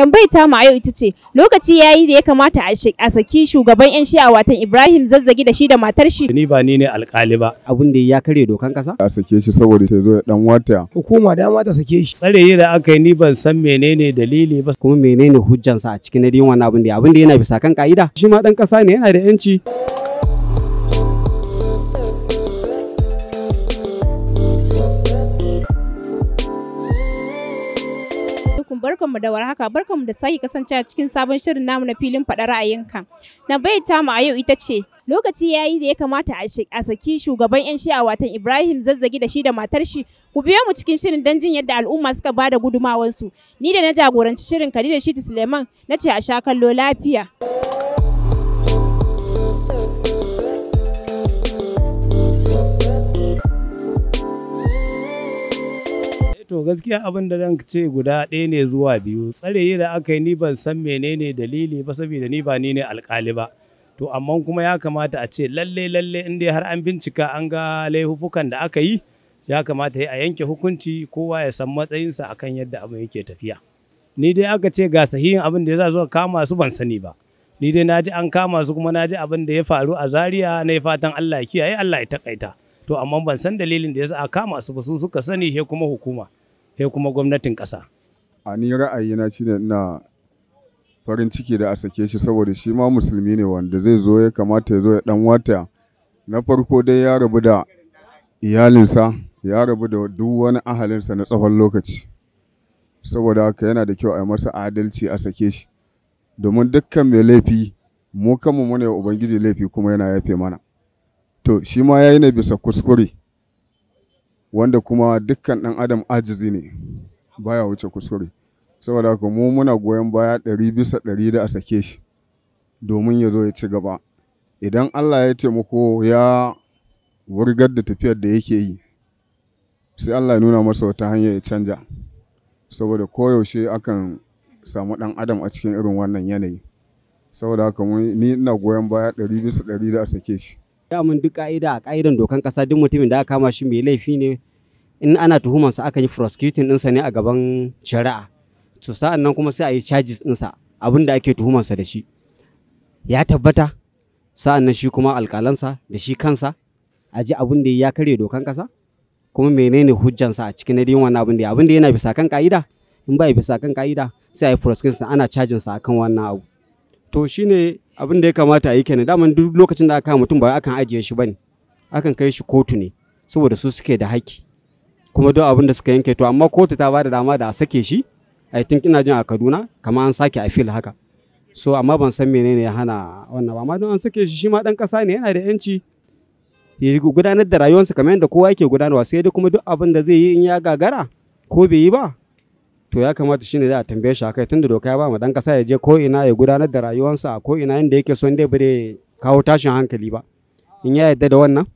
Tambayar mu a yau ita ce lokaci ya yi da ya kamata a saki shugaban 'yan shi'a watan Ibrahim zazzagi da shi da matar shi. Ni ba ni ne alkali ba. Abin da ya karya dokan kasa? A sake shi saboda ta zo dan wata. Hukuma da mata sake shi. Tsare yi da aka yi ni ban san menene dalili ba. Kuma menene hujjansa a cikin nadin wannan abin da abin da yana bisa kan ka'ida. Shi ma dan kasa ne yana da 'yanci. barkanmu da warhaka barkanmu da sake kasance a cikin sabon shirin namu na filin faɗa ra'ayinka na bai ta mu a yau ita ce lokaci ya yi da ya kamata a saki shugaban 'yan shi'a watan ibrahim zazzagi da shi da matar shi ku biyo mu cikin shirin don jin yadda al'umma suka bada gudumawansu ni da na jagoranci shirin kadija shi suleiman na ce a sha kallo lafiya gaskiya abin da zan ce guda ɗaya ne zuwa biyu. Tsare da aka yi ni ban san menene dalili ba saboda ni ba ni ne alƙali ba. To amma kuma ya kamata a ce lalle lalle inda har an bincika an ga laifukan da aka yi ya kamata a yanke hukunci kowa ya san matsayinsa akan yadda abin yake tafiya. Ni dai aka ce ga sahihin abin da ya zo kama su ban sani ba. Ni dai na ji an kama su kuma na ji abin da ya faru a Zariya na fatan Allah ya kiyaye Allah ya takaita. To amma ban san dalilin da ya sa a kama su ba su suka sani he kuma hukuma. sai kuma gwamnatin ƙasa. a ni ra'ayina shi ne ina farin ciki da a sake shi saboda shi ma musulmi ne wanda zai zo ya kamata ya zo ya dan wata na farko dai ya rabu da iyalinsa ya rabu da duk wani ahalinsa na tsawon lokaci saboda haka yana da kyau a yi masa adalci a sake shi domin dukkan mai laifi mu kanmu muna ya ubangiji laifi kuma yana yafe mana to shi ma ya yi na bisa kuskure wanda kuma dukkan ɗan adam ajizi ne baya wuce kuskure saboda haka mu muna goyon baya ɗari bisa ɗari da a sake shi domin ya zo ya ci gaba idan allah ya taimako ya wurgar da tafiyar da yake yi sai allah ya nuna masa wata hanya ya canja saboda koyaushe akan samu ɗan adam a cikin irin wannan yanayi saboda haka ni ina goyon baya ɗari bisa ɗari da a sake shi. mun duk ƙa'ida a ka'idan dokan ƙasa duk mutumin da aka kama shi mai laifi ne in ana tuhumansa akan yi prosecuting ɗinsa ne a gaban shari'a to sa'an nan kuma sai a yi charges ɗinsa abin da ake tuhumansa da shi ya tabbata sa'an nan shi kuma alƙalansa da shi kansa a ji abin da ya karya dokan ƙasa kuma menene hujjansa a cikin nadin wannan abin da abin da yana bisa kan ka'ida in ba ya bisa kan ka'ida sai a yi prosecution ana charges sa akan wannan abu to shine abin da ya kamata a yi kenan daman duk lokacin da aka mutum ba akan ajiye shi bane akan kai shi kotu ne saboda su suke da haƙƙi kuma duk abin da suka yanke to amma kotu ta bada dama da a sake shi i think ina jin a Kaduna kamar an sake a fil haka so amma ban san menene ya hana wannan ba amma don an sake shi shi ma dan kasa ne yana da yanci ya gudanar da rayuwarsa kamar yadda kowa yake gudanarwa sai dai kuma duk abin da zai yi in ya gagara ko bai yi ba to ya kamata shine za a tambaye shi akai tunda doka ya ba mu dan kasa ya je ko ina ya gudanar da rayuwarsa ko ina inda yake son dai bare kawo tashin hankali ba in ya yarda da wannan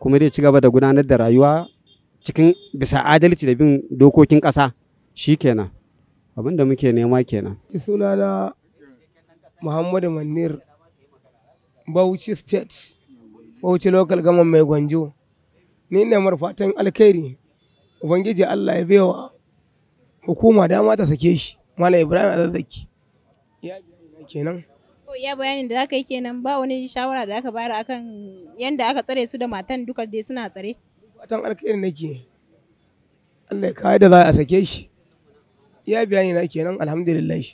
kuma dai ci gaba da gudanar da rayuwa cikin bisa adalci da bin dokokin ƙasa shi kenan abin da muke nema kenan. na muhammadu manir bauchi state bauchi local gama mai gwanjo ni ne marfatan alkhairi ubangiji allah ya baiwa hukuma dama ta sake shi mana ibrahim azazzaki ya kenan ya bayanin da aka yi kenan ba wani shawara da aka bayar akan yanda aka tsare su da matan duka dai suna tsare fatan alkhairi nake Allah ya kawo da za a sake shi ya bayani na kenan alhamdulillah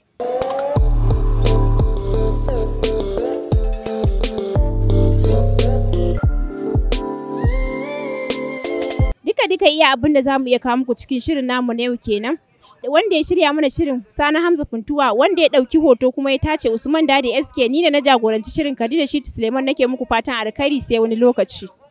duka iya abin da zamu iya kawo muku cikin shirin namu na yau kenan wanda ya shirya mana shirin Sani Hamza Funtuwa wanda ya dauki hoto kuma ya tace Usman Dadi SK ni da na jagoranci shirin Khadija Shitu Suleiman nake muku fatan alkhairi sai wani lokaci